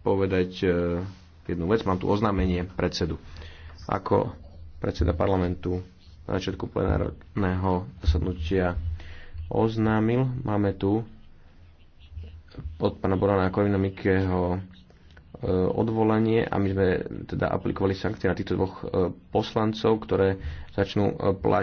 povedať e, jednu vec. Mám tu oznámenie predsedu. Ako predseda parlamentu na začiatku plenárneho zasadnutia oznámil, máme tu od pána Borana Korinomikého e, odvolanie a my sme teda aplikovali sankcie na týchto dvoch e, poslancov, ktoré začnú platiť